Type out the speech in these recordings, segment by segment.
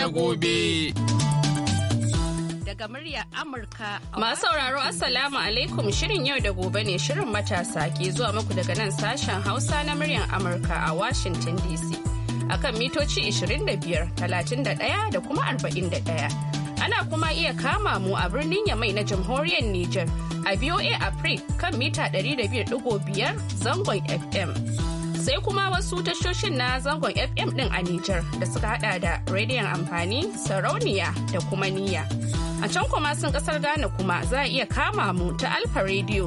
da gobe. Daga muryar Amurka. Masu sauraro Assalamu alaikum shirin yau da gobe ne shirin matasa ke zuwa muku daga nan sashen Hausa na muryar Amurka a Washington DC. Akan mitoci 25, 31 da kuma 41. Ana kuma iya kama mu a birnin Yamai na jamhuriyar Nijar a VOA Africa kan mita 200.5 zangon FM. sai kuma wasu tashoshin na zangon FM din a Nijar da suka hada da rediyon amfani, sarauniya da kuma niyya. A can kuma sun kasar Ghana kuma za a iya kama mu ta Alfa rediyo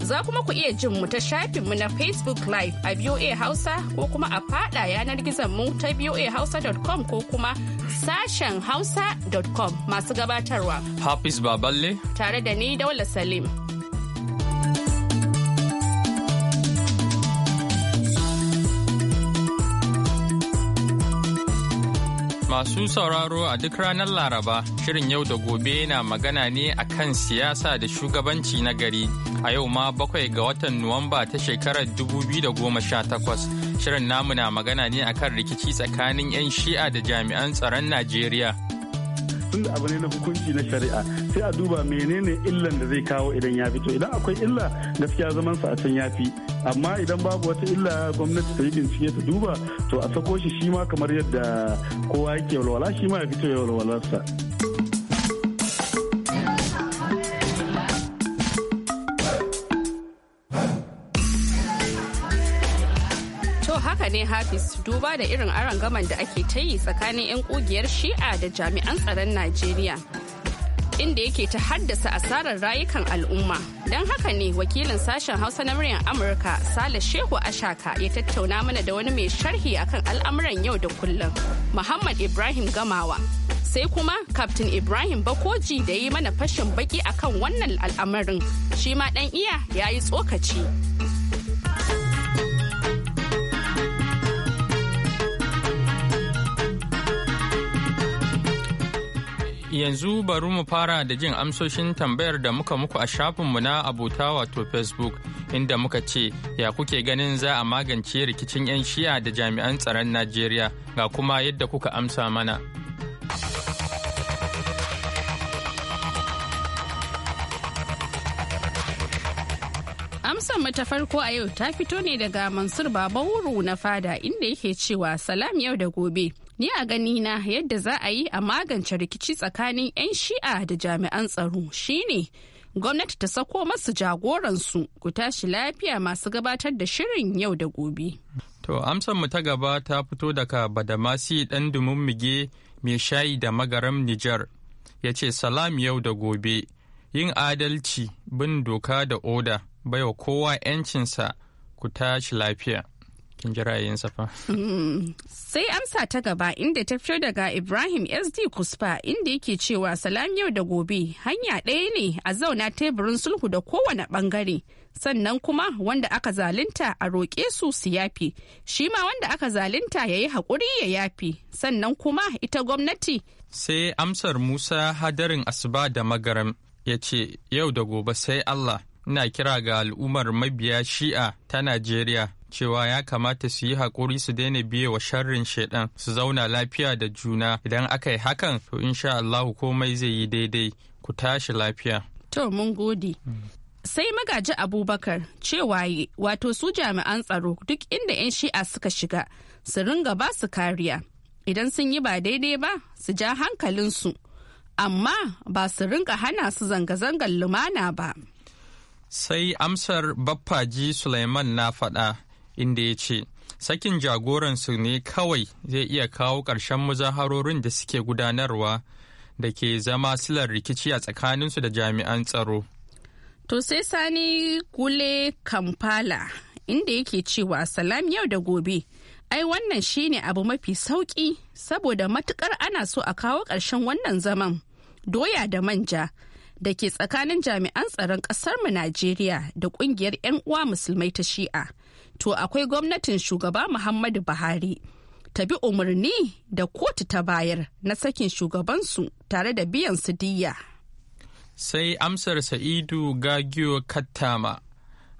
Za kuma ku iya jin mu ta shafin mu na Facebook Live a VOA Hausa ko kuma a fada yanar gizon mu ta voahausa.com ko kuma sashen hausa.com masu gabatarwa. Hafiz Baballe. Tare da ni Daula Salim. Masu sauraro a duk ranar Laraba, shirin yau da gobe na magana ne a kan siyasa da shugabanci na gari. A yau ma bakwai ga watan Nuwamba ta shekarar 2018, shirin namu na magana ne a kan rikici tsakanin 'yan shi'a da jami'an tsaron Najeriya. da abu ne na hukunci na shari'a sai a duba menene illan da zai kawo idan ya fito idan akwai illa gaskiya zaman sa a can ya fi amma idan babu wata illa gwamnati ta yi bincike ta duba to a sako shi shi ma kamar yadda kowa yake walwala shi ma ya fito ya walwalarsa. ne Hafiz duba da irin aron arangaman da ake ta yi tsakanin 'yan kugiyar shi'a da jami'an tsaron Najeriya. Inda yake ta haddasa asarar rayukan al'umma. Don haka ne wakilin sashen Hausa na muryar Amurka Sale Shehu Ashaka ya tattauna mana da wani mai sharhi akan al'amuran yau da kullum, Muhammad Ibrahim Gamawa. sai kuma Captain Ibrahim Bakoji da yi mana fashin baki akan wannan al'amarin. Shi ma dan iya ya yi tsokaci. Yanzu bari mu fara da jin amsoshin tambayar da muka muku a shafinmu na abota wato Facebook inda muka ce ya kuke ganin za a magance rikicin 'yan shiya da jami'an tsaron Najeriya ga kuma yadda kuka amsa mana. amsar mata farko a yau ta fito ne daga mansur babawuru na fada inda yake cewa salam yau da gobe Ni a gani na yadda za a yi a magance rikici tsakanin 'yan shi'a da jami'an tsaro shine gwamnati ta sako masu jagoransu ku tashi lafiya masu gabatar da shirin yau da gobe. To amsar mu ta gaba ta fito daga Badamasi ɗan dumin mige mai shayi da magaram Nijar ya ce salam yau da gobe yin adalci bin doka da oda baiwa kowa 'yancinsa ku tashi lafiya. kin ji ra'ayinsa fa. Hmm. Sai amsa ta gaba inda ta fito daga Ibrahim SD kuspa inda yake cewa salam yau da gobe hanya ɗaya ne a zauna teburin sulhu da kowane ɓangare. Sannan kuma wanda aka zalunta a roƙe su su yafi, shi ma wanda aka zalunta ya yi haƙuri ya yafi, sannan kuma ita gwamnati. Sai amsar Musa hadarin asuba da magaram ya ce yau da gobe sai Allah. Ina kira ga al'ummar mabiya shi'a ta Najeriya cewa ya kamata su yi haƙuri su daina biye wa sharrin shaidan su zauna lafiya da juna idan aka yi hakan to insha Allahu komai zai yi daidai ku tashi lafiya. To mun gode. Sai magaji Abubakar cewa wato su jami'an tsaro duk inda 'yan shi'a suka shiga su ringa ba su kariya idan sun yi ba daidai ba su ja hankalinsu amma ba su ringa hana su zanga-zangar lumana ba. Sai amsar Baffaji Suleiman na faɗa inda ya ce sakin jagoransu ne kawai zai iya kawo ƙarshen muzaharorin da suke gudanarwa da ke zama silar rikici a tsakaninsu da jami'an tsaro. To sai sani gule Kampala inda yake cewa salam yau da gobe. Ai wannan shine abu mafi sauki saboda matukar ana so a kawo ƙarshen wannan zaman doya da manja da ke tsakanin jami'an tsaron ƙasarmu Najeriya da ƙungiyar 'yan uwa musulmai ta shi'a. to akwai gwamnatin shugaba Muhammadu Buhari ta bi umarni da kotu ta bayar na sakin shugabansu tare da biyan su diya. Sai amsar Sa'idu Gagiyo Kattama,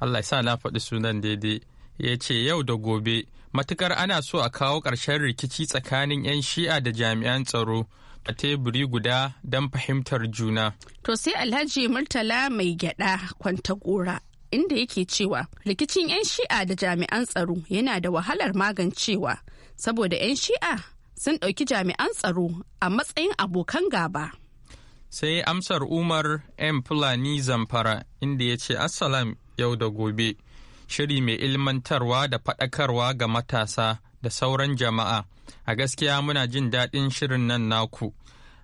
Allah sa na faɗi sunan daidai, ya ce yau da gobe matukar ana so a kawo ƙarshen rikici tsakanin 'yan shi'a da jami'an tsaro. a teburi guda don fahimtar juna. To sai Alhaji Murtala mai gyada kwanta gora inda yake cewa rikicin 'yan shi'a da jami'an tsaro yana da wahalar magancewa saboda 'yan shi'a sun ɗauki jami'an tsaro a matsayin abokan gaba. Sai amsar Umar M. Fulani Zamfara inda ya ce Assalam yau da gobe, shiri mai ilmantarwa da faɗakarwa ga matasa da sauran jama'a. A gaskiya muna jin daɗin shirin nan naku.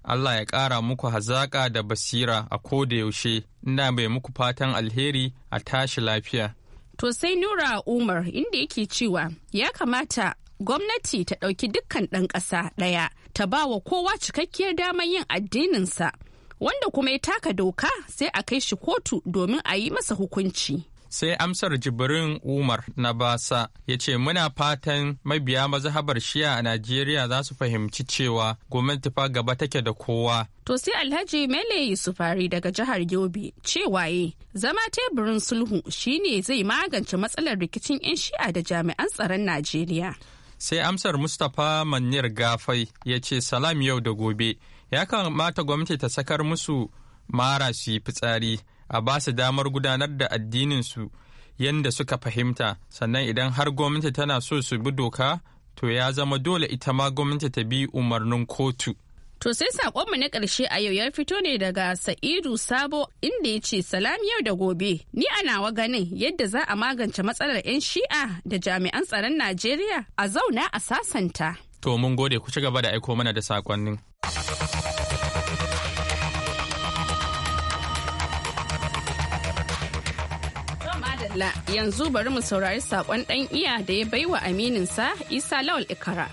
Allah ya ƙara muku hazaƙa da basira a ko da yaushe, ina mai muku fatan alheri a tashi lafiya. To sai Nura Umar inda yake cewa ya kamata gwamnati ta ɗauki dukkan ɗan ƙasa ɗaya ta ba wa kowa cikakkiyar damar yin addininsa, wanda kuma ya taka doka sai a kai shi kotu domin a yi masa hukunci. sai amsar jibrin umar na basa ya ce muna fatan mabiya mazhabar shiya a najeriya za su fahimci cewa gwamnati fa gaba take da kowa to sai alhaji mele yusufari daga jihar yobe waye zama teburin sulhu shine zai magance matsalar rikicin 'yan shi'a da jami'an tsaron najeriya sai amsar mustapha manir gafai ya ce salam yau da gobe ya kamata gwamnati ta sakar musu mara su yi fitsari a ba su damar gudanar da addininsu yadda suka fahimta sannan idan har gwamnati tana so su bi doka to ya zama dole ita ma gwamnati ta bi umarnin kotu. To sai sakonmu na ƙarshe a yau ya fito ne daga Sa'idu Sabo inda ya ce salam yau da gobe. Ni a nawa ganin yadda za a magance matsalar 'yan shi'a da jami'an tsaron Najeriya a zauna a sasanta. To mun gode ku ci gaba da aiko mana da saƙonnin. yanzu bari mu saurari sakon ɗan iya da ya baiwa aminin sa Isa Lawal Ikara.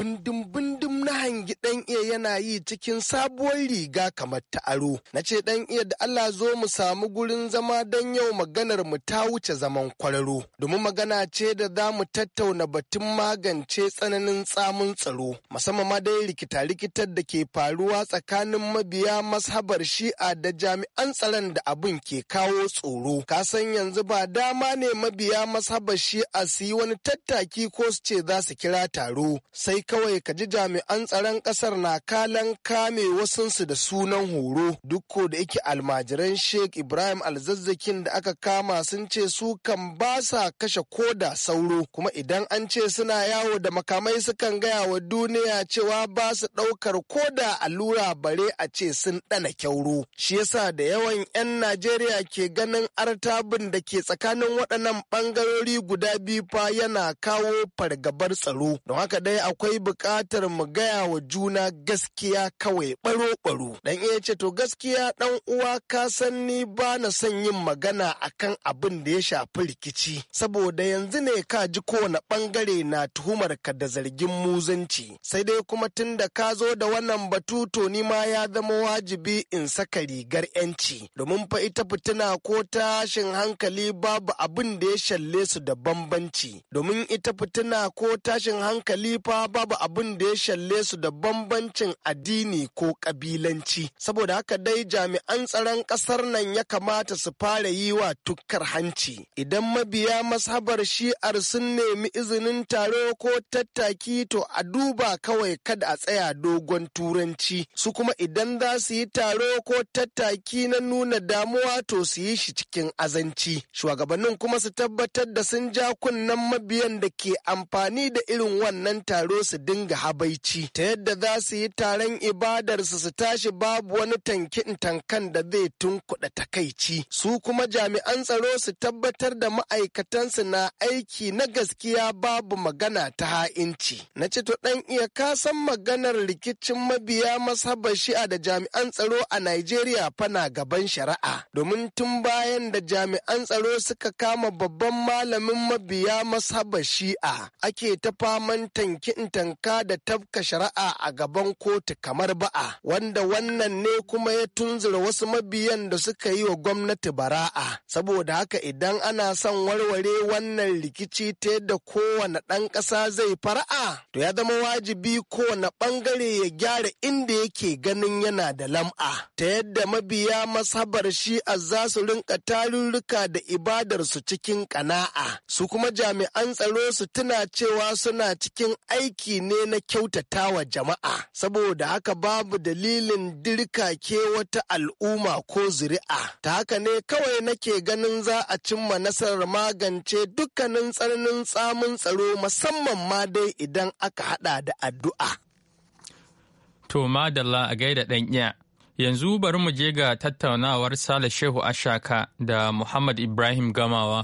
bindim-bindim na hangi dan iya yana yi cikin sabuwar riga kamar ta aro. Na ce ɗan iya da Allah zo mu samu gurin zama don yau maganar mu ta wuce zaman kwararo. Domin magana ce da za mu tattauna batun magance tsananin tsamun tsaro. Musamman ma dai rikita-rikitar da ke faruwa tsakanin mabiya mashabar shi'a da jami'an tsaron da abin ke kawo tsoro. Ka san yanzu ba dama ne mabiya mashabar shi'a su yi wani tattaki ko su ce za su kira taro. Sai kawai ka ji jami'an tsaron kasar na kalan kame wasunsu da sunan horo duk da yake almajiran sheikh ibrahim alzazzakin da aka kama sun ce su kan ba sa kashe koda sauro kuma idan an ce suna yawo da makamai sukan gaya wa duniya cewa ba su ɗaukar koda allura bare a ce sun ɗana kyauro shi yasa da yawan 'yan najeriya ke ganin artabin da ke tsakanin waɗannan ɓangarori guda biyu fa yana kawo fargabar tsaro don haka dai akwai akwai buƙatar mu gaya wa juna gaskiya kawai baro-baro. Dan iya ce to gaskiya dan uwa ka san ni ba na son yin magana akan abin da ya shafi rikici saboda yanzu ne ka ji kowane bangare na tuhumar ka da zargin muzanci sai dai kuma tun da ka zo da wannan batu to ni ma ya zama wajibi in saka rigar yanci domin fa ita fitina ko tashin hankali babu abin da ya shalle su da bambanci domin ita fitina ko tashin hankali fa ba babu abin da ya shalle su da bambancin addini ko kabilanci saboda haka dai jami'an tsaron kasar nan ya kamata su fara yi wa tukar hanci idan mabiya mashabar shi'ar sun nemi izinin taro ko tattaki to a duba kawai kada a tsaya dogon turanci su kuma idan za su yi taro ko tattaki na nuna damuwa to su yi shi cikin azanci shugabannin kuma su tabbatar da sun ja kunnen mabiyan da ke amfani da irin wannan taro su dinga habaici ta yadda za su yi taron ibadarsu su tashi babu wani tankin tankan da zai tunkuɗa takaici su kuma jami'an tsaro su tabbatar da ma'aikatansu na aiki na gaskiya babu magana ta ha'inci na ce to ɗan iya kasan maganar rikicin mabiya mashabar shi'a da jami'an tsaro a Najeriya fana gaban shari'a domin tun bayan da jami'an tsaro suka kama babban malamin mabiya mashabar shi'a ake ta faman tankin tanka da tafka shari'a a gaban kotu kamar ba'a wanda wannan ne kuma ya tunzura wasu mabiyan da suka yi wa gwamnati bara'a saboda haka idan ana son warware wannan rikici ta yadda kowane ɗan ƙasa zai fara'a to ya zama wajibi kowane ɓangare ya gyara inda yake ganin yana da lam'a ta yadda mabiya masabar shi a za su rinka tarurruka da ibadarsu cikin ƙana'a su kuma jami'an tsaro su tuna cewa suna cikin aiki aiki ne na kyautata wa jama'a saboda haka babu dalilin dirkake wata al'umma ko zuri'a ta haka ne kawai nake ganin za a cimma nasarar magance dukkanin tsananin tsamin tsaro musamman ma dai idan aka hada da addu'a. To madalla a gaida ɗan iya. Yanzu bari mu je ga tattaunawar Sale Shehu Ashaka da Muhammad Ibrahim Gamawa.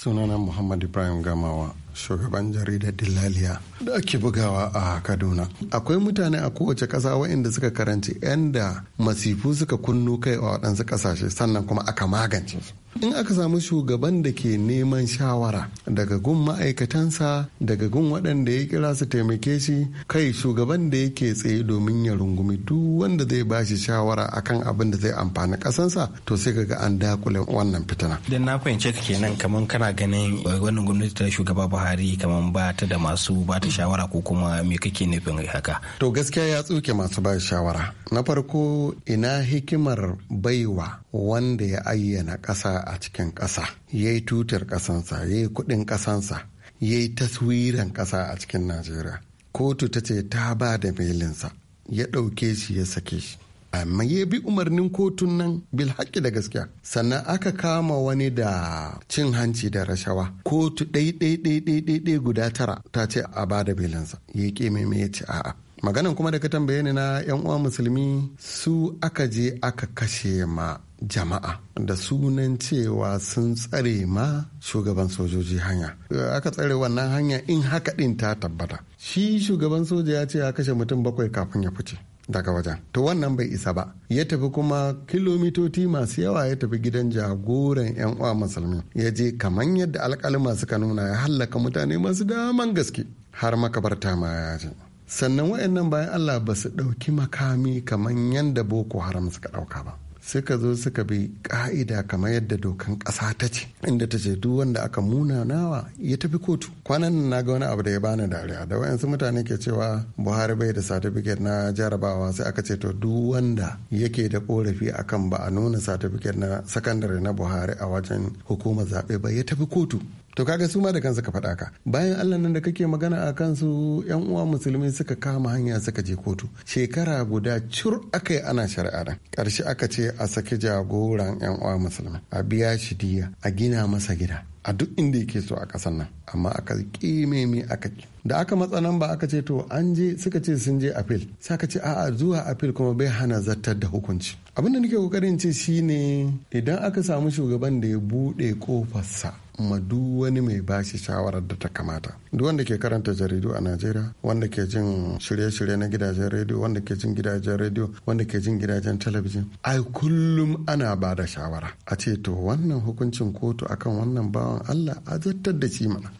Sunana Muhammad Ibrahim Gamawa shugaban jaridar dillaliya da ake bugawa a kaduna akwai mutane a kowace kasa waɗanda suka karanci yanda masifu suka kunno kai a waɗansu ƙasashe sannan kuma aka magance su in aka samu shugaban da ke neman shawara daga gun ma'aikatansa daga gun waɗanda ya kira su taimake shi kai shugaban da yake tsaye domin ya rungumi duk wanda zai ba shi shawara akan abin da zai amfani ƙasansa to sai ga an dakule wannan fitina. Dan na fahimce kenan kamar kana ganin eh, wannan gwamnati ta shugaba ba. buhari kamar ba ta da masu ba ta shawara ko kuma me kake nufin haka to gaskiya ya tsuke masu ba shawara na farko ina hikimar baiwa wanda ya ayyana ƙasa a cikin ƙasa ya yi tutar ƙasansa ya yi kuɗin ƙasansa ya yi taswiran ƙasa a cikin najeriya kotu ta ce ta ba da milinsa. ya ɗauke shi ya sake shi amma ya bi umarnin kotun nan bil haƙƙi da gaskiya sannan aka kama wani da cin hanci da rashawa kotu ɗai ɗai ɗai ɗai ɗai guda tara ta ce a ba da belinsa ya ƙi mai ya ce a'a maganan kuma da ka tambaye ni na yan uwa musulmi su aka je aka kashe ma jama'a da sunan cewa sun tsare ma shugaban sojoji hanya aka tsare wannan hanya in haka ɗin ta tabbata shi shugaban soja ya ce ya kashe mutum bakwai kafin ya fice daga wajen to wannan bai isa ba ya tafi kuma kilomitoci masu yawa ya tafi gidan jagoran yan uwa musulmi ya je kaman yadda alƙalima suka nuna ya hallaka mutane masu daman gaske har makabarta ma ya je sannan waɗannan bayan allah ba su ɗauki makami kaman yadda boko haram suka ɗauka ba suka zo suka bi ka'ida kamar yadda dokan ƙasa ta ce inda ta ce duk wanda aka muna nawa ya tafi kotu kwanan nan na ga wani abu da ya bani dariya da wayansu mutane ke cewa buhari bai da satifiket na jarabawa sai aka ce to duk wanda yake da korafi akan ba a nuna satifiket na sakandare na buhari a wajen hukumar zaɓe ba ya tafi kotu to kaga su ma da kansu ka faɗa ka bayan allah nan da kake magana a kansu yan uwa musulmi suka kama hanya suka je kotu shekara guda cur aka yi ana shari'a da ƙarshe aka ce a saki jagoran yan uwa musulmi a biya shi diya a gina masa gida a duk inda yake so a ƙasar nan amma aka mi aka da aka matsa nan ba aka ce to an je suka ce sun je apil sai ka ce a'a zuwa apil kuma bai hana zartar da hukunci abin da nake kokarin ce shine idan aka samu shugaban da ya buɗe kofarsa ma duk wani mai bashi shawarar da ta kamata duk wanda ke karanta jaridu a najeriya wanda ke jin shirye-shirye na gidajen rediyo wanda ke jin gidajen rediyo wanda ke jin gidajen talabijin ai kullum ana ba da shawara a ce to wannan hukuncin kotu akan wannan bawan allah a zartar da shi mana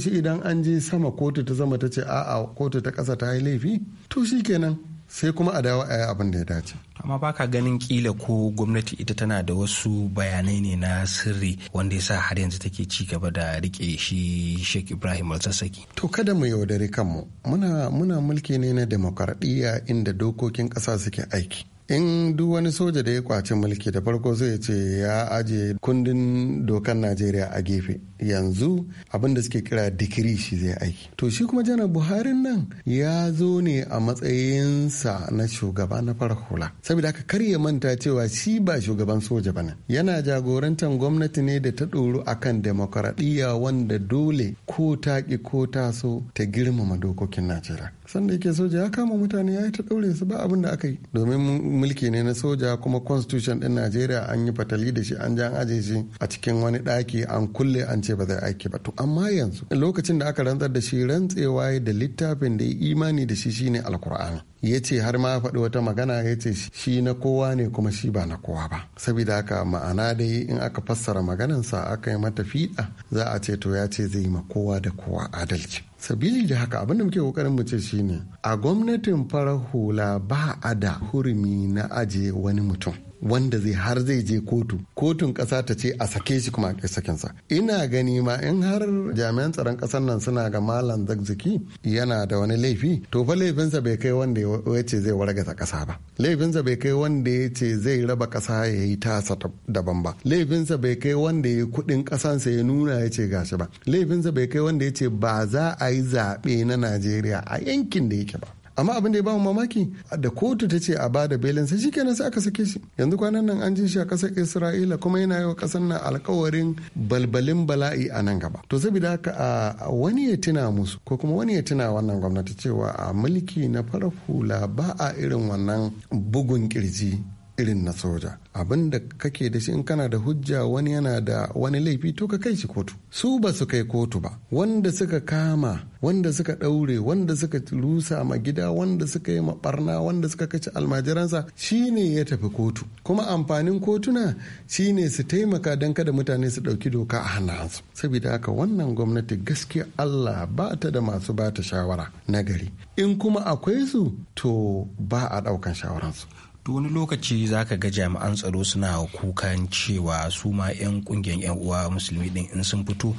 shi idan an je sama kotu ta zama ta ce a'a kotu ta ƙasa ta yi laifi to shikenan sai kuma a dawo a yi abin da ya dace. amma baka ganin kila ko gwamnati ita tana da wasu bayanai ne na sirri wanda ya sa har yanzu take ci gaba da rike shi sheikh ibrahim alsassaki to kada mu yaudari kanmu muna muna mulki ne na demokaradiyya inda dokokin ƙasa suke aiki in duk wani soja da ya kwaci mulki da farko zai ce ya ajiye kundin dokar najeriya a gefe yanzu abin da suke kira dikiri shi zai aiki to shi kuma janar buhari nan ya zo ne a matsayinsa na shugaba na fara hula saboda haka kar ya manta cewa shi ba shugaban soja bane yana jagorantar gwamnati ne da ta ɗoro akan demokaradiyya wanda dole ko ta ki ko ta so ta girmama dokokin najeriya sanda yake soja ya kama mutane ya yi ta ɗaure su ba abin da aka yi domin mulki ne na soja kuma constitution ɗin najeriya an yi fatali da shi an jan an aje shi a cikin wani ɗaki an kulle an ce ba zai aiki ba to amma yanzu lokacin da aka rantsar da shi rantsewa da littafin da ya imani da shi shine alkur'ani ya ce har ma faɗi wata magana ya ce shi na kowa ne kuma shi ba na kowa ba saboda haka ma'ana dai in aka fassara maganansa aka yi mata fiɗa za a ce to ya ce zai yi ma kowa da kowa adalci sabili da haka abinda muke kokarin mu ce shine a gwamnatin farar hula ba a da hurumi na aje wani mutum wanda zai har zai je kotu kotun ƙasa ta ce a sake shi kuma a sakinsa ina gani ma in har jami'an tsaron ƙasar nan suna ga malam zakzaki yana da wani laifi to fa laifinsa bai kai wanda ya ce zai wargaza ƙasa ba laifinsa bai kai wanda ya ce zai raba ƙasa ya yi tasa daban ba laifinsa bai kai wanda ya kuɗin ƙasansa ya nuna ya ce gashi ba laifinsa bai kai wanda ya ce ba za a yi zaɓe na najeriya a yankin da yake ba amma abin da ya bamu mamaki da kotu ta ce a bada belin sai shikenan sai aka sake shi yanzu kwanan nan an ji shi a kasar Isra'ila kuma yana yi wa kasar nan alkawarin balbalin bala'i a nan gaba to saboda haka a wani ya tuna musu ko kuma wani ya tuna wannan gwamnati cewa a mulki na fara hula ba a irin wannan bugun kirji irin na soja abinda kake da shi in kana da hujja wani yana da wani laifi to ka kai shi kotu su ba su kai kotu ba wanda suka kama wanda suka daure wanda suka rusa ma gida wanda suka yi maɓarna wanda suka kaci almajiransa shine ya tafi kotu kuma amfanin kotuna shine su taimaka don kada mutane su dauki doka a hannunsu saboda haka wannan gwamnati gaskiya allah ba ta da masu ba ta shawara nagari in kuma akwai su to ba a daukan shawararsu to wani lokaci za ka ga jami'an tsaro suna kukan cewa su ma 'yan kungiyar 'yan uwa musulmi din in sun fito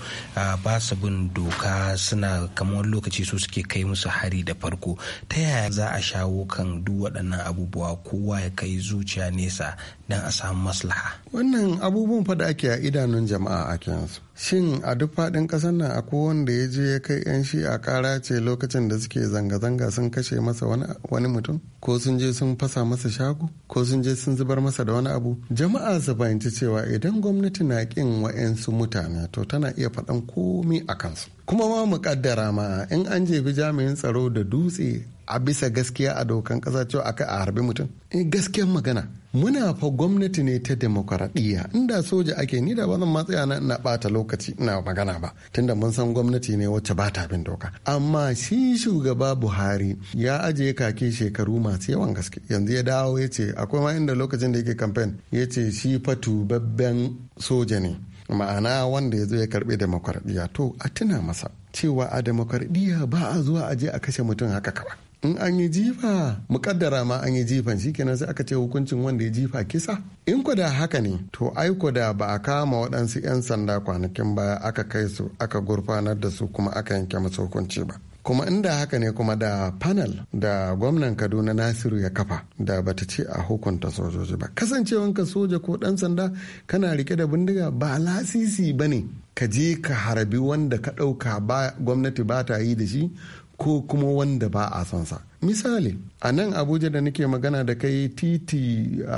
ba su bin doka suna kamar lokaci su suke kai musu hari da farko ta yaya za a shawo kan duk waɗannan abubuwa kowa ya kai zuciya nesa don a samu maslaha wannan abubuwan fa ake a idanun jama'a a kansu shin a duk faɗin ƙasar nan akwai wanda ya je ya kai 'yan shi a ƙara ce lokacin da suke zanga-zanga sun kashe masa wani mutum ko sun je sun fasa masa shago ko sun je sun zubar masa da wani abu jama'a su fahimci cewa idan gwamnati na ƙin wa'yansu mutane to tana iya faɗan komi a kansu kuma ma mu ƙaddara ma in an jefi jami'in tsaro da dutse a bisa gaskiya a dokan kasa cewa aka a harbi mutum eh, gaskiyar magana muna fa gwamnati ne ta demokaradiyya inda soja ake ni da ba matsa matsaya na ina bata lokaci ina magana ba tunda mun san gwamnati ne wacce ba ta bin doka amma shi shugaba buhari ya ajiye kake shekaru masu yawan gaske yanzu ya dawo ya ce akwai ma inda lokacin da yake kamfen ya ce shi fa tubabben soja ne ma'ana wanda ya zo ya karbe demokaradiyya to a tuna masa cewa a demokaradiyya ba a zuwa aje a kashe mutum haka kawai in an yi jifa mukaddara ma an yi jifan shikenan sai aka ce hukuncin wanda ya jifa kisa in ku da haka ne to ai ku da ba a kama waɗansu 'yan sanda kwanakin baya aka kai su aka gurfanar da su kuma aka yanke musu hukunci ba kuma inda haka ne kuma da panel da gwamnan kaduna nasiru ya kafa da bata ce a hukunta sojoji ba kasancewanka soja ko ɗan sanda kana rike da bindiga ba lasisi ba ne ka je ka harbi wanda ka ɗauka ba gwamnati ba ta yi da shi ko kuma wanda ba a son sa misali a nan abuja da nake magana da kai titi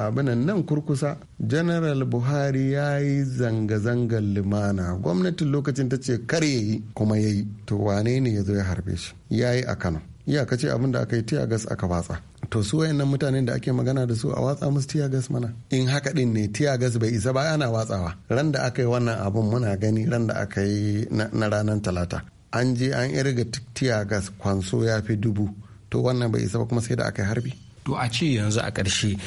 abinan nan kurkusa general buhari ya yi zanga-zangar limana gwamnatin lokacin ta ce kar ya yi kuma ya yi to wane ne ya zo ya harbe shi ya yi a kano iyaka ce abin da aka yi tiyagas aka watsa to su wayannan mutanen da ake magana da su a watsa musu tiyagas mana in haka din ne tiyagas bai isa ba ana watsawa ran da aka yi wannan abun muna gani ran da aka yi na ranar talata an je an irga tiya ga kwanso ya fi dubu to wannan bai isa ba kuma sai da aka harbi to a ce yanzu a ƙarshe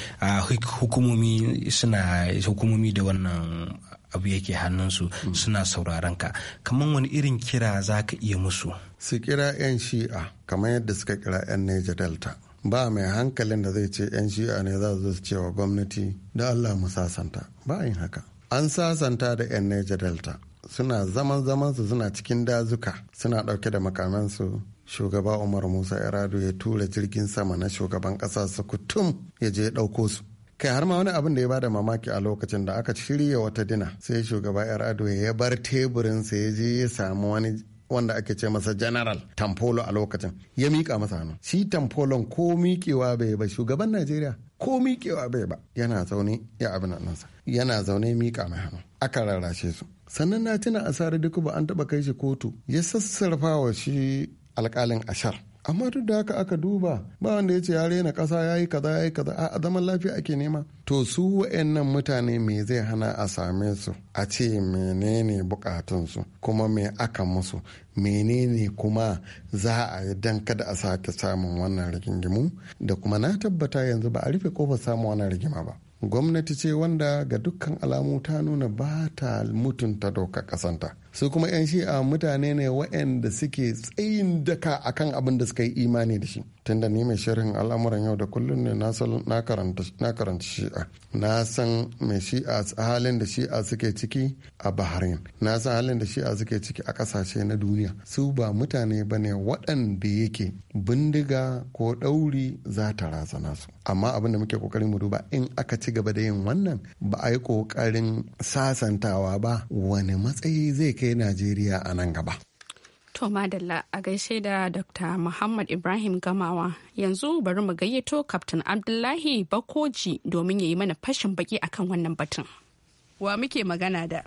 hukumomi suna hukumomi da wannan abu yake hannunsu mm. suna sauraron ka kamar wani irin kira za ka iya musu su kira 'yan shi'a kamar yadda suka kira 'yan neja delta ba mai hankalin da zai ce 'yan shi'a ne za su ce wa gwamnati da allah mu sasanta ba yin haka an sasanta da 'yan neja delta suna zaman zamansu suna cikin dazuka suna ɗauke da makamansu shugaba umar musa yaradu ya tura jirgin sama na shugaban ƙasa sukutum ya je ya ɗauko su kai har ma wani abin da ya bada mamaki a lokacin da aka shirya wata dina sai shugaba yaradu ya bar teburinsa ya je ya samu wani wanda ake ce masa general tamfolo a lokacin ya miƙa masa hannu shi tamfolon ko miƙewa bai ba shugaban najeriya ko miƙewa bai ba yana zaune ya abin nan yana zaune miƙa mai hannu aka rarrashe su sannan na tuna asarar duka ba an taɓa kai shi kotu ya sassarfa wa shi alkalin ashar amma duk da haka aka duba ba wanda ya ce ya rena kasa ya yi kaza ya yi kaza a zaman lafiya ake nema to su wa'annan mutane me zai hana a same su a ce menene bukatunsu kuma me aka musu menene kuma za a yi dan kada a sake samun wannan rigingimu da kuma na tabbata yanzu ba a rufe kofar samun wannan rigima ba gwamnati ce wanda ga dukkan alamu ta nuna ba ta mutunta dokar kasanta su kuma 'yan shi'a mutane ne waɗanda suke tsayin daka akan abin da suka yi imani da shi tunda ni mai sharhin al'amuran yau da kullum ne na karanta shi'a na san mai shi'a halin da shi'a suke ciki a bahrain na san halin da shi'a suke ciki a ƙasashe na duniya su ba mutane ba ne waɗanda yake bindiga ko ɗauri za ta razana su amma abin da muke ƙoƙarin mu duba in aka ci gaba da yin wannan ba a yi ƙoƙarin sasantawa ba wani matsayi zai kai kai najeriya a nan gaba To Madalla a gaishe da Dr. Muhammad Ibrahim Gamawa yanzu bari mu gayyato Captain Abdullahi Bakoji domin ya yi mana fashin baki akan wannan batun. Wa muke magana da?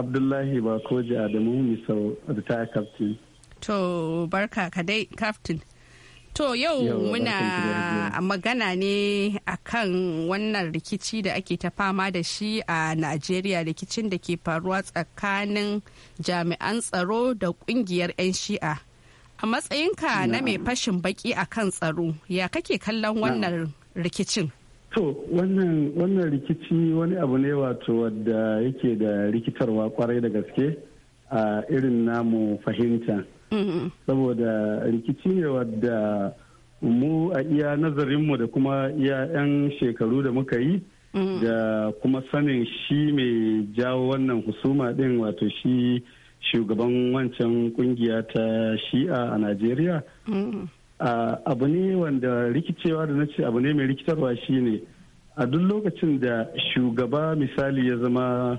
Abdullahi Bakoji Adamu Misau, retire captain. To barka ka dai captain. To yau muna magana ne akan wannan rikici da ake ta fama da shi a Najeriya rikicin da ke faruwa tsakanin jami'an tsaro da kungiyar 'yan shi'a. A matsayinka na mai fashin baki a kan tsaro, ya kake kallon wannan rikicin? To, wannan rikici wani abu ne wato wadda yake da rikitarwa kwarai da gaske a irin namu fahimta. saboda rikici ne wadda mu a iya nazarinmu da kuma iya 'yan shekaru da muka yi da kuma sanin shi mai jawo wannan husuma din wato shi shugaban wancan kungiya ta shi'a a najeriya abu ne wanda rikicewa da na ce abu ne mai rikitarwa shine a duk lokacin da shugaba misali ya zama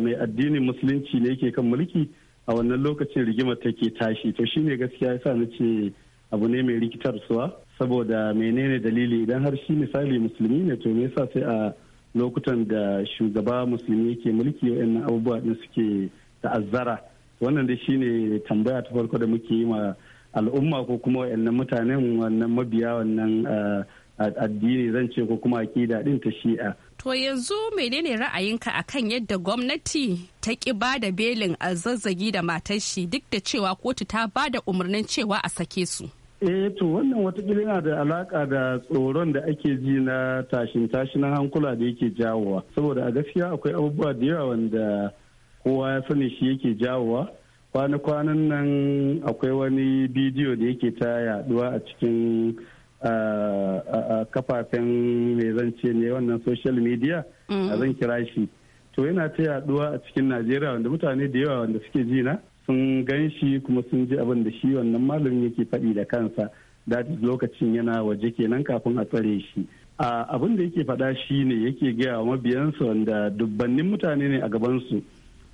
mai addinin musulunci ne yake kan mulki. a wannan lokacin rigimar take tashi to shine gaskiya yasa na ce abu ne mai rikitarsuwa saboda menene dalili idan har shi misali musulmi ne to me yasa sai a lokutan da shugaba musulmi yake mulki wa'annan abubuwa din suke ta'azzara wannan da shine tambaya ta farko da muke yi ma al'umma ko kuma wa'annan mutanen wannan mabiya wannan eh, addini zan ce ko kuma aƙida din ta shi'a To yanzu menene ra'ayinka akan yadda gwamnati ta ki ba da belin a zazzagi da matar shi duk da cewa kotu ta ba da umarnin cewa a sake su. Eh to wannan watakila yana da alaka da tsoron da ake ji na tashin tashinan hankula da yake jawowa. Saboda a gaskiya akwai abubuwa da yawa wanda kowa ya sani shi yake jawowa. Kwana-kwanan nan akwai wani bidiyo da yake ta yaduwa a cikin kafafen mai zance ne wannan social media mm-hmm. a zan kira shi to yana ta yaduwa a cikin najeriya wanda mutane da yawa wanda suke jina. sun gan shi kuma sun ji abin da shi wannan malamin yake faɗi da kansa da lokacin yana waje kenan kafin a tsare shi abin da yake faɗa shi ne yake gaya wa mabiyansa wanda dubbannin mutane ne a gaban gabansu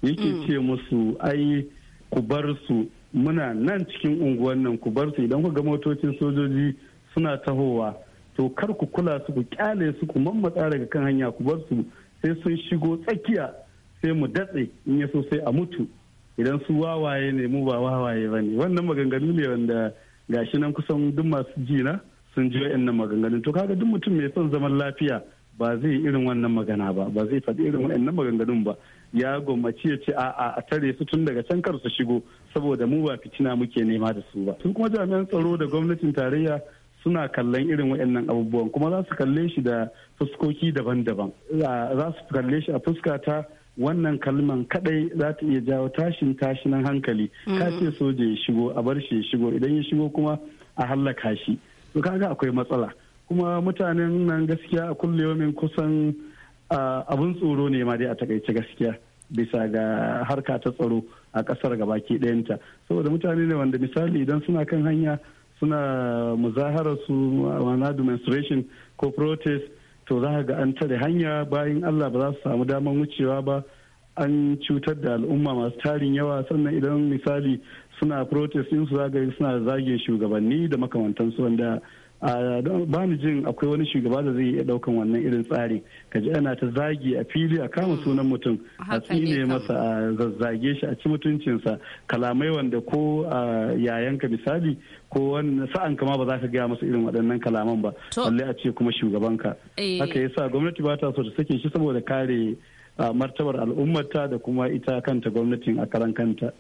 yake mm. ce musu ai ku bar su muna nan cikin unguwan nan ku bar su idan ku ga motocin sojoji suna tahowa to kar ku kula su ku kyale su ku mammatsa daga kan hanya ku bar su sai sun shigo tsakiya sai mu datse in ya so sai a mutu idan su wawaye ne mu ba wawaye ba ne wannan maganganu ne wanda gashi nan kusan duk masu jina sun ji wa'annan maganganu to kaga duk mutum mai son zaman lafiya ba zai irin wannan magana ba ba zai faɗi irin wa'annan maganganun ba ya gwammaci ya ce a'a a tare su tun daga can kar su shigo saboda mu ba fitina muke nema da su ba tun kuma jami'an tsaro da gwamnatin tarayya suna kallon irin waɗannan abubuwan kuma za su kalle shi da fuskoki daban-daban za su kalle shi a fuska ta wannan kalman kadai za ta iya jawo tashin tashinan hankali mm. ka ce soja ya shigo a bar shi ya shigo idan ya shigo kuma a hallaka shi to kaga akwai matsala kuma mutanen nan gaskiya a min kusan abun tsoro ne ma dai a takaice gaskiya bisa ga harka ta tsaro a kasar gabaki ɗayanta saboda mutane ne wanda misali idan suna kan hanya suna muzahara su wana demonstration ko protest to za ga an tare hanya bayan allah ba za su samu damar wucewa ba an cutar da al'umma masu tarin yawa sannan idan misali suna protest din su zagaye suna zage shugabanni da makamantansu wanda ba ni jin akwai wani shugaba da zai iya daukan wannan irin tsari ka ji ana ta zagi a fili a kama mm. sunan mutum a tsine masa a zazzage shi a ci mutuncinsa kalamai wanda ko yayanka misali ko wani sa'an kama ba za ka gaya masa irin waɗannan kalaman ba balle a ce kuma shugabanka eh. haka yasa gwamnati ba ta so ta sake shi saboda kare martabar al'ummata da kuma ita kanta gwamnatin a karan kanta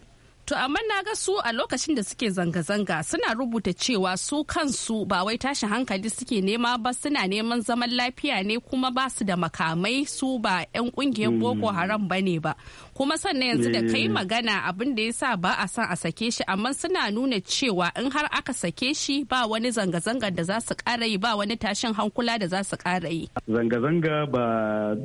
To amma na ga su a lokacin da suke zanga-zanga suna rubuta cewa su kansu ba wai tashin hankali suke nema ba suna neman zaman lafiya ne kuma ba su da makamai su ba 'yan kungiyar Boko hmm. Haram ba ne ba. Kuma sannan yanzu da kai eh. magana abin da ya sa ba a son a sake shi amma suna nuna cewa in har aka sake shi ba wani zanga zanga da za su ƙara yi ba wani tashin hankula da za su ƙara yi. Zanga-zanga ba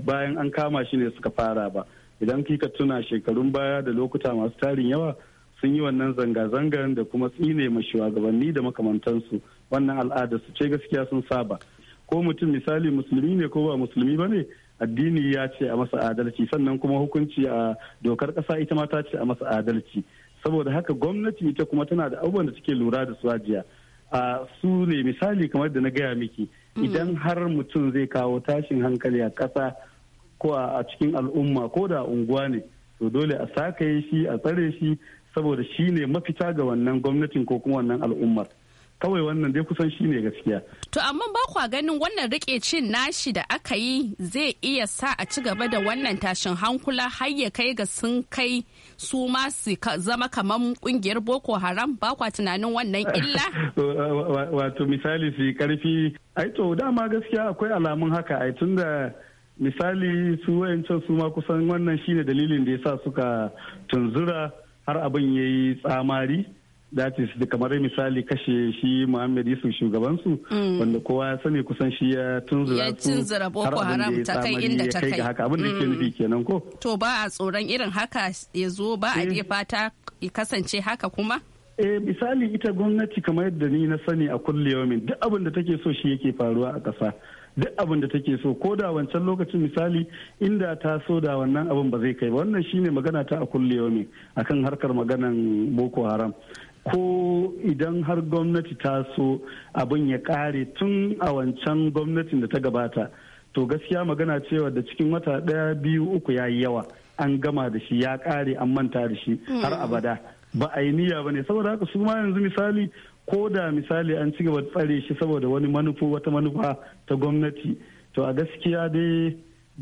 bayan an kama shi ne suka fara ba. Idan kika tuna shekarun baya da lokuta masu tarin yawa sun yi wannan zanga-zangan da kuma tsine ma shugabanni da makamantansu wannan al'ada su ce gaskiya sun saba ko mutum misali musulmi ne ko ba musulmi ba ne addini ya ce a masa adalci sannan kuma hukunci a dokar ƙasa ita ma ta ce a masa adalci saboda haka gwamnati ita kuma tana da abubuwan da take lura da su ajiya a su ne misali kamar da na gaya miki hmm. idan har mutum zai kawo tashin hankali a ƙasa ko a cikin al'umma ko da unguwa ne to dole a sakaye shi a tsare shi saboda shi ne mafita ga wannan gwamnatin ko kuma wannan al'ummar kawai wannan dai kusan shi ne gaskiya. To amma ba kwa ganin wannan rike cin nashi da aka yi zai iya sa a ci gaba da wannan tashin hankula har ya kai ga sun kai su ma su zama kamar kungiyar Boko Haram ba kwa tunanin wannan illa? Wato misali su karfi ai to dama gaskiya akwai alamun haka ai tunda misali su wayancan su ma kusan wannan shine dalilin da ya sa suka tunzura har abin ya yi tsamari that is kamar misali kashe shi Muhammad Yusuf shugabansu mm. wanda kowa ya sani kusan shi ya tunzura su har abin ya yi tsamari ta kai ga haka abin da ke mm. nufi kenan ko to ba a tsoron irin haka ya zo ba a je eh. fata ya kasance haka kuma eh misali ita gwamnati kamar yadda ni na sani a kulle yaumin duk abin da take so shi yake faruwa a ƙasa duk abin da take so ko da wancan lokacin misali inda ta so da wannan abin ba zai kai ba wannan shine magana ta a kullewa ne akan harkar maganan boko haram ko idan har gwamnati ta so abin ya kare tun a wancan gwamnatin da ta gabata to gaskiya magana cewa da cikin wata daya biyu uku ya yi yawa an gama da shi ya kare an manta da shi har mm. abada ba a yi niyya ba ne saboda haka su ma yanzu misali ko da misali an ci gaba tsare shi saboda wani manufa wata manufa ta gwamnati to a gaskiya dai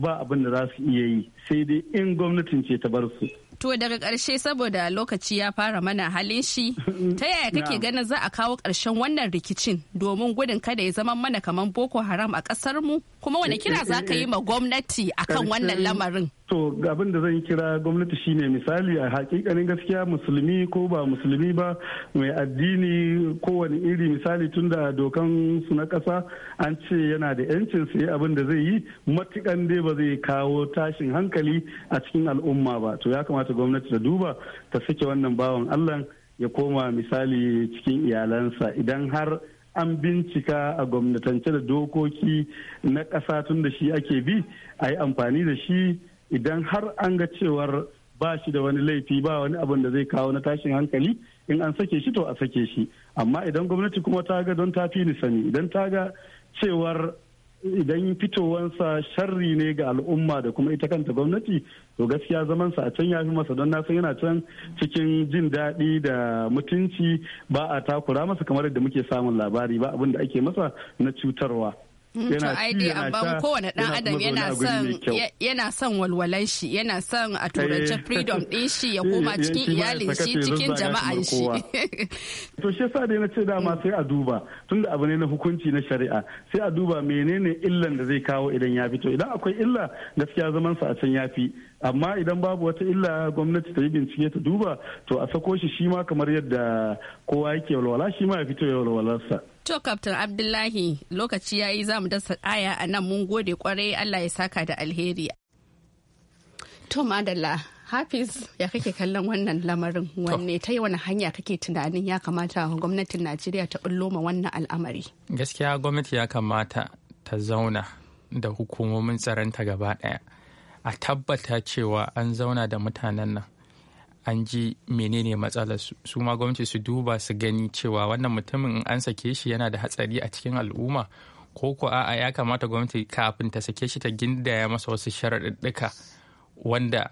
ba abin da za su iya yi sai dai in gwamnatin ce ta bar su. To daga ƙarshe saboda lokaci ya fara mana halin shi, ta yaya kake ganin za a kawo ƙarshen wannan rikicin domin gudun kada ya zama mana kamar Boko Haram a ƙasar mu? kuma wani kira za ka yi ma gwamnati akan wannan lamarin to abin da zan kira gwamnati shine misali a hakikanin gaskiya musulmi ko ba musulmi ba mai addini kowane iri misali tun da dokan su na kasa an ce yana da yancin su yi abin da zai yi matukan dai ba zai kawo tashin hankali a cikin al'umma ba to ya kamata gwamnati ta duba ta sake wannan bawan allah ya koma misali cikin iyalansa idan har an bincika a gwamnatance da dokoki na ƙasa tun da shi ake bi a yi amfani da shi idan har an ga cewar ba shi da wani laifi ba wani abin da zai kawo na tashin hankali in an sake shi to a sake shi amma idan gwamnati kuma ta ga don ta fi ni sani idan ta ga cewar idan fitowansa sharri ne ga al'umma da kuma ita kanta gwamnati to gaskiya zamansa a can ya fi masa don nasan yana can cikin jin daɗi da mutunci ba a takura masa kamar yadda muke samun labari ba abin da ake masa na cutarwa yana ci yana sha kowane dan adam yana son yana son walwalan shi yana son a turance freedom din shi ya koma cikin iyalin shi cikin jama'an shi to shi yasa dai na ce dama mm. sai a duba tunda abu ne na hukunci na shari'a sai a duba menene illan da zai kawo idan ya fito idan akwai illa gaskiya zaman sa a can yafi amma idan babu wata illa gwamnati ta yi bincike ta duba to a sako shi shi ma kamar yadda kowa yake walwala shi ma ya fito ya walwalarsa. To, Kaftin Abdullahi, lokaci ya yi za mu dasa aya a nan mun gode kwarai Allah ya saka da alheri. To, Madalla, Hafiz ya kake kallon wannan lamarin wanne ta yi wani hanya kake tunanin ya kamata gwamnatin Najeriya ta ma wannan al'amari. Gaskiya gwamnati ya kamata ta zauna da hukumomin tsaronta gaba ɗaya. A tabbata cewa an zauna da mutanen nan. an ji menene matsalar su ma gwamnati su duba su gani cewa wannan mutumin in an sake shi yana da hatsari a cikin al'umma ko ko a'a ya kamata gwamnati kafin ta sake shi ta gindaya masa wasu sharaɗaɗɗuka wanda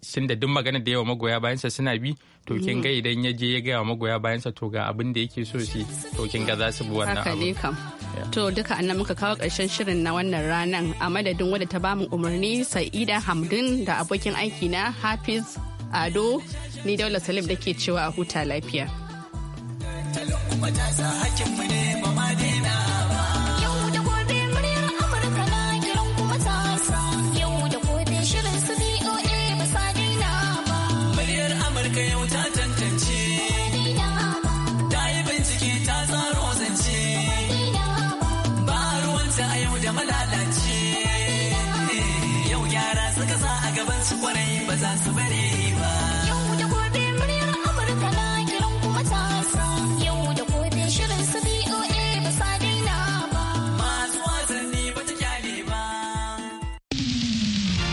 sun da duk magana da yawa magoya bayansa suna bi to kin ga idan ya je ya gaya wa magoya bayansa to ga abin da yake so shi to kin ga za su bi wannan abu. To duka annan muka kawo karshen shirin na wannan ranan a madadin wadda ta bamu umarni Sa'ida Hamdun da abokin aiki na Hafiz ado ni daula salim da ke cewa a huta lafiya.